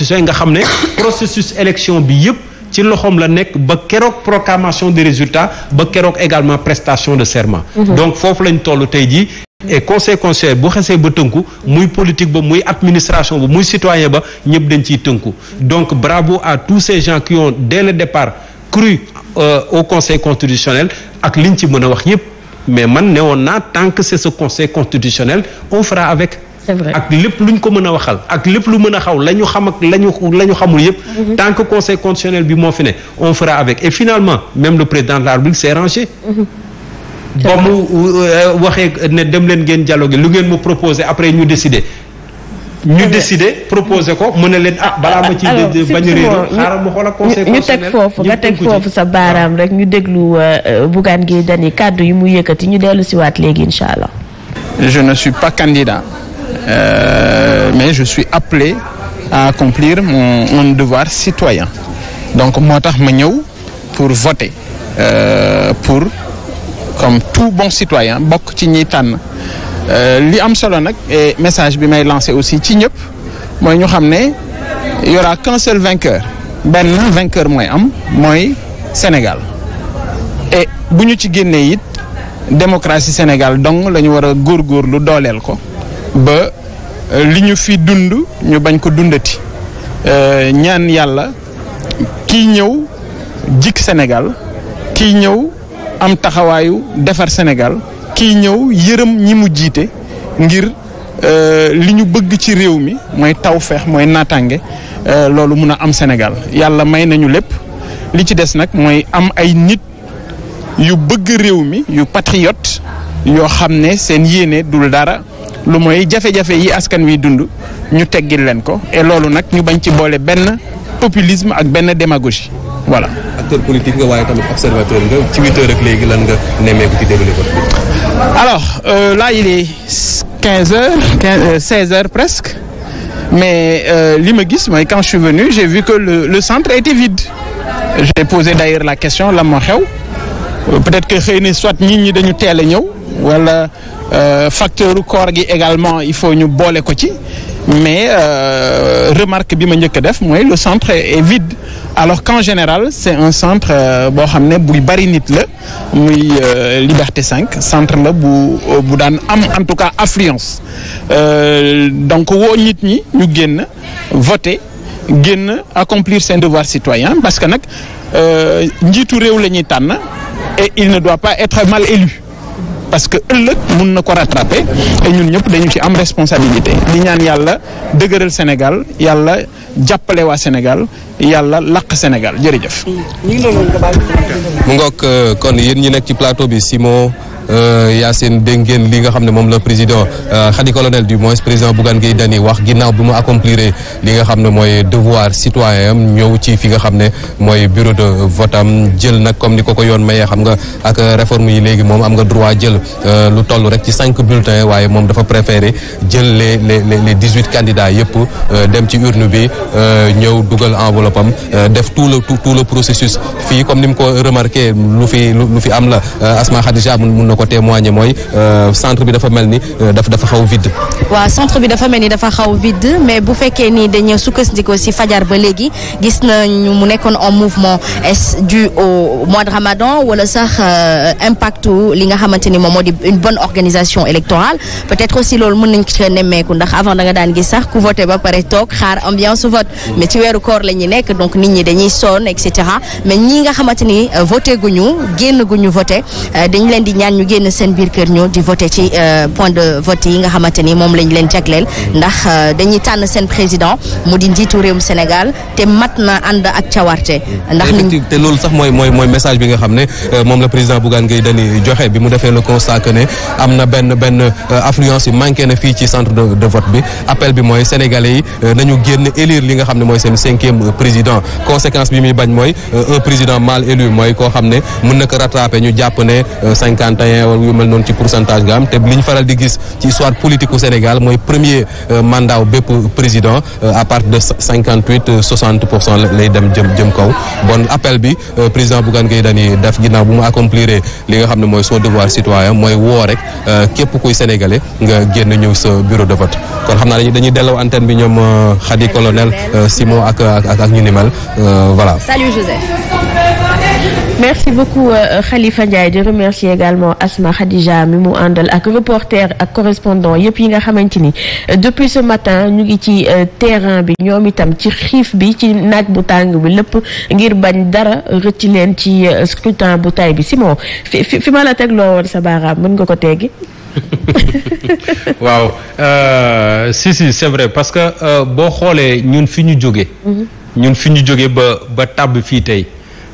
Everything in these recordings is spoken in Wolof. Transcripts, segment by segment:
constitution nga xam ne processus élection bi yëpp ci loxoom la nekk ba keroog proclamation de résultat ba keroog également prestation de serment mhm. donc foofu lañ toll tey jii et conseil conseil bu xesee ba tënku muy politique ba muy administration ba muy citoyen ba ñëpp dañ ciy tënku donc bravo à tous ces gens qui ont dès le départ cru euh, au conseil constitutionnel ak liñ ci mën a wax yëpp mais man ne woon naa tant que c'est ce conseil constitutionnel on avec c'est vrai ak lépp luñ ko mën a waxal ak lépp lu mën a xaw la ñu xam ak la ñu la ñu xamul yëpp. Mhm. tant que conseil constitutionnel bi moo fi ne on fera avec et finalement même le président de la République s'est rangé. Mhm. ba mu euh, waxee ne dem leen ngeen dialoguer lu ngeen mu proposer après ñu décider. ñu décider proposer ko mën na leen ah balaa ma ci bañ a réeroo xaaral ma xool ak conseil ñu teg foofu nga teg sa baaraam rek ñu déglu euh, euh, Bougane Gueye Dany kàddu yi mu yëkkati ñu dellu siwaat léegi incha allah. je euh, mais je suis appelé à accomplir mon, mon devoir citoyen donc moo tax ma ñëw pour voter euh, pour comme tout bon citoyen bokk ci ñiy tànn euh, li am solo nag e message bi may lancé aussi ci ñëpp mooy ñu xam ne y aura qu'un seul vainqueur benn vainqueur mooy am mooy Sénégal et bu ñu ci génnee it démocratie Sénégal donc la ñu war a lu dooleel ko ba euh, li ñu fi dund ñu bañ ko dundati euh, ñaan yàlla kii ñëw jikk senegal kii ñëw am taxawaayu defar senegal kii ñëw yërëm ñi mu jiite ngir euh, li ñu bëgg ci réew mi mooy tawfeex mooy naataange loolu mun a am senegal yàlla may nañu lépp li ci des nag mooy am ay nit yu bëgg réew mi yu patriote yoo xam ne seen yéene dul dara lu mooy jafe-jafe yi askan wi dund ñu teggil leen ko et loolu nag ñu bañ ci boole benn populisme ak benn démagogie voilà. acteur politique nga waaye tamit observateur nga ci huit rek léegi lan nga nemmeeku ci développé. alors euh, là il est quinze heures quinze euh, seize heures presque mais euh, li ma gis mooy quand je suis venu j'ai vu que le, centre était vide j'ai posé d'ailleurs la question la moo xew euh, peut-être que xëy na soit nit ñi dañu teel a ñëw wala. Euh, facteur koor gi également il faut ñu boole ko ci mais euh, remarque bi ma njëkk a def mooy le centre est vide alors qu'en général c'est un centre euh, boo xam ne buy bari nit la muy euh, Liberté 5 centre la bu bu daan am en tout cas affluence euh, donc woo nit ñi ñu génn voter génn accomplir seen devoir citoyen parce que nag njiitu réew la ñuy tànn et il ne doit pas être mal élu parce que ëllëg mun na ko rattraper et ñun ñëpp dañu ci am responsabilité di ñaan yàlla dëgëral Sénégal yàlla jàppale waa Sénégal yàlla laq Sénégal jërëjëf. mu ngoog euh, kon yéen ñi nekk ci plateau bi Simon. Euh, Yacine dégg ngeen li nga xam ne moom la président xadi euh, colonel du moins président Bougane Gueye Dany wax ginnaaw bi mu accomplir li nga xam ne mooy devoir citoyen am ñëw ci fi nga xam ne mooy bureau de vote am jël nag comme ni ko ko yoon mayee xam nga ak réforme yi léegi moom am nga droit jël euh, lu toll rek ci cinq bulletins waaye moom dafa préféré jël le les les dix huit candidats yëpp dem ci urne bi ñëw dugal enveloppe am def tout le tout le processus fii comme ni mu ko remarqué lu fi lu fi am la Asma Khadija ko témoigner mooy euh, centre bi dafa mel ni euh, dafa dafa xaw vide. waaw centre bi dafa mel ni dafa xaw vide mais bu fekkee ni dañu sukkandikoo si fajar ba léegi gis nañu mu nekkoon en mouvement est dû au mois de Ramadan wala sax euh, impact li nga xamante ni moom moo di une bonne organisation électorale peut-être aussi loolu mën nañ ko nemmeeku ndax avant da nga daan gis sax ku voté ba pare toog xaar ambiance vote mais ci weeru koor la ñuy nekk donc nit ñi dañuy sonn et cetera mais ñi nga xamante ni voté guñu génn guñu voté dañ ñu génn seen biir kër ñëw di voté ci euh, point de vote yi nga xamante ni moom lañ leen jagleel ndax euh, dañuy tànn seen président mu di njiitu réewum Sénégal te mat na ànd ak cawarte ndax niñ te loolu sax mooy mooy mooy message bi nga xam ne euh, moom la président Bougane Gueye Dany joxe bi mu defee le constat que ne am na benn benn affluence yi manqué na fii ci centre de vote bi appel bi mooy sénégalais yi nañu génn élire li nga xam ne mooy seen cinquième président conséquence bi muy bañ mooy un président mal élu mooy koo xam ne moyen wala yu mel noonu ci pourcentage nga am te li ñu faral di gis ci histoire politique au Sénégal mooy premier euh, mandat bépp président euh, à partir de cinquante huit euh, soixante pour cent lay dem jëm jëm kaw bon appel bi président Bougane Gueye Dany daf ginnaaw bu mu accomplir li nga xam ne mooy soo devoir citoyen mooy woo rek képp kuy sénégalais nga génn ñëw sa bureau de vote kon xam naa dañuy delloo antenne bi ñoom Khady colonel Simon ak ak ak ñu ni mel voilà. merci beaucoup euh, euh, Khalifa Ndiaye di remercier également Asma Khadija mi mu àndal ak reporter ak correspondant yëpp yi nga xamante ni euh, depuis ce matin ñu ngi ci terrain bi ñoom itam ci xiif bi ci naaj bu tàng bi lépp ngir bañ dara rëcc leen ci scrutin bu tay bi si fi fi ma la tegloo loo woon sa baaraam mën nga ko teggi waaw euh, si si c'est vrai parce que boo xoolee ñun fi ñu jóge mhm. ñun fi ñu jóge ba ba tàbb fii tey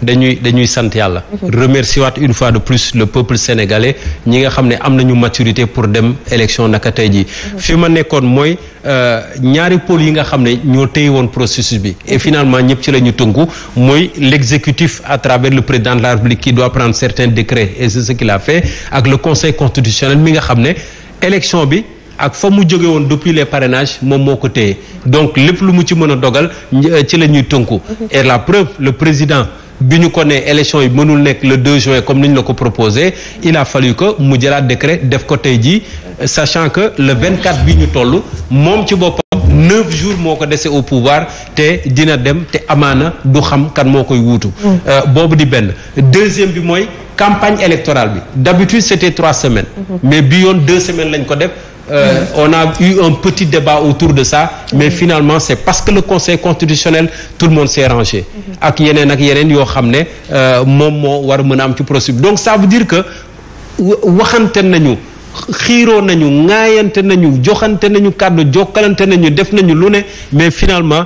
dañuy dañuy sant yàlla remercier waat une fois de plus le peuple sénégalais ñi nga xam ne am nañu maturité pour dem élection naka tey jii fi ma nekkoon mooy euh, ñaari pôle yi nga xam ne ñoo téye woon processus bi et finalement ñëpp ci la ñu tënku mooy l'exécutif à travers le président la République qui doit prendre certains décrets et ce qu'il a fait ak le conseil constitutionnel mi nga xam ne élection bi ak fa mu jóge woon depuis les parrainages moom moo ko téye lépp lu mu ci mën a dogal ci la ñuy tënku bi ñu ko ne élection yi mënul nekk le 2 juin comme ni ñu la ko proposé il a ko mu jalaat décret def ko tey jii sachant que le 24 bi ñu toll moom ci boppam neuf jours moo ko desee au pouvoir te dina dem te amaana du xam kan moo koy wuutu. Mm. Euh, boobu di benn deuxième bi mooy campagne électorale bi d'habitude c'était trois semaines. Mm-hmm. mais bi yoon deux semaines lañ ko def. Euh, on a eu un petit débat autour de ça mais finalement c'est parce que le conseil constitutionnel tout le monde s'est rangé ak yeneen ak yeneen yoo xam ne euh, moom moo war mën a am ci processus donc ça veut dire que waxante nañu xiiroo nañu ŋaayante nañu joxante nañu kàddu jokkalante nañu def nañu lu ne mais finalement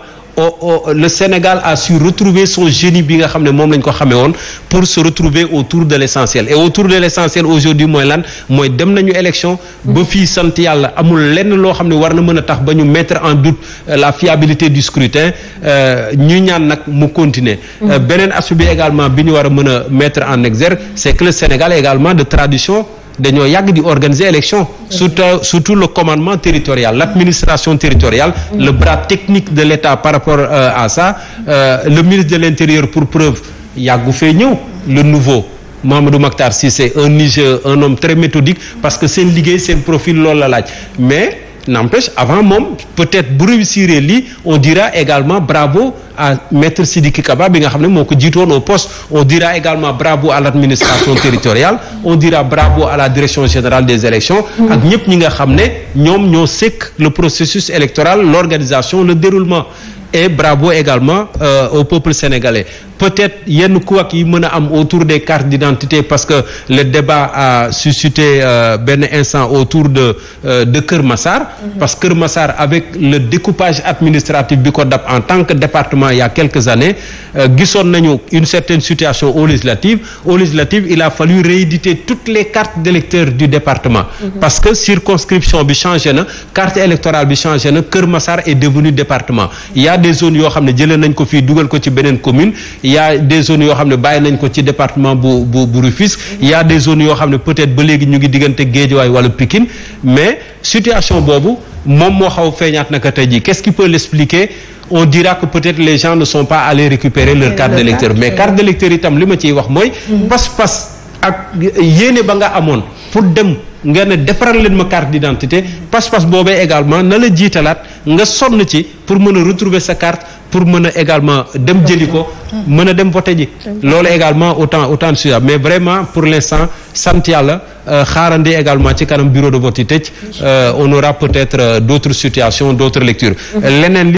le Sénégal a su retrouver son génie bi nga xam ne moom lañ ko xamee woon pour se retrouver autour de l' essentiel et autour de l' essentiel aujourd'hui mooy lan mooy dem nañu élection ba fii sant yàlla amul lenn loo xam ne war na mën a tax ba ñu mettre en doute euh, la fiabilité du scrutin euh, ñu ñaan nag mu continuer euh, mm. beneen aspect bi également bi ñu war a mën a mettre en exergue c'est que le Sénégal également de tradition dañoo yàgg di organiser élection surtout surtout le commandement territorial l'administration territoriale mm. le bras technique de l'État par rapport euh, à ça euh, le ministre de l'Intérieur pour preuve yàggu fee ñëw le nouveau Mamadou Mactar Cissé un Niger un homme très méthodique parce que seen liggéey seen profil loolu la laaj mais n'empêche avant moom peut-être bu réussir li on dira également bravo à maître Sidiki Kaba bi nga xam ne moo ko jiitoon au poste on dira également bravo à l'administration territoriale on dira bravo à la direction générale des élections ak ñëpp ñi nga xam ne ñoom ñoo sek le processus électoral l'organisation le déroulement et bravo également euh, au peuple sénégalais peut-être yenn couac yi mën a am autour des cartes d'identité parce que le débat a suscité euh, benn instant autour de euh, de Kër Massar. Mhm. parce que Kër Massar avec le découpage administratif bi ko dap en tant que département il y a quelques années euh, gisoon nañu une certaine situation aux législatives aux législatives il a fallu rééditer toutes les cartes d'électeurs du département. Mm -hmm. parce que circonscription bi changé na carte électorale bi na Kër Massar est devenu département. des zones yoo xam ne jëlee nañ ko fii dugal ko ci beneen commune y' a des zones yoo xam ne bàyyi nañ ko ci département bu bu bu Rufisque mm-hmm. a des zones yoo xam ne peut-être ba léegi ñu ngi diggante Guédiawaye wala Pikine mais situation boobu moom moo xaw feeñaat naka tey jii qu'est-ce qui peut l'expliquer on dira que peut-être les gens ne sont pas allés récupérer leur carte d'électeur mais carte d'électeur itam li ma ciy wax mooy mm-hmm. pas-pas ak yéene ba nga amoon pour dem nga ne defaral leen ma carte d'identité passe-passe boobee également na la jiitalaat nga sonn ci pour mën a retrouver sa carte pour mën a également dem jëli ko mën a dem voté ji loolu également autant autant de sujet mais vraiment pour l'instant sant yàlla euh, xaarandi également ci kanam bureau de vote yi tëj euh, on peut-être euh, d'autres situation d'autres lectures mm-hmm. leneen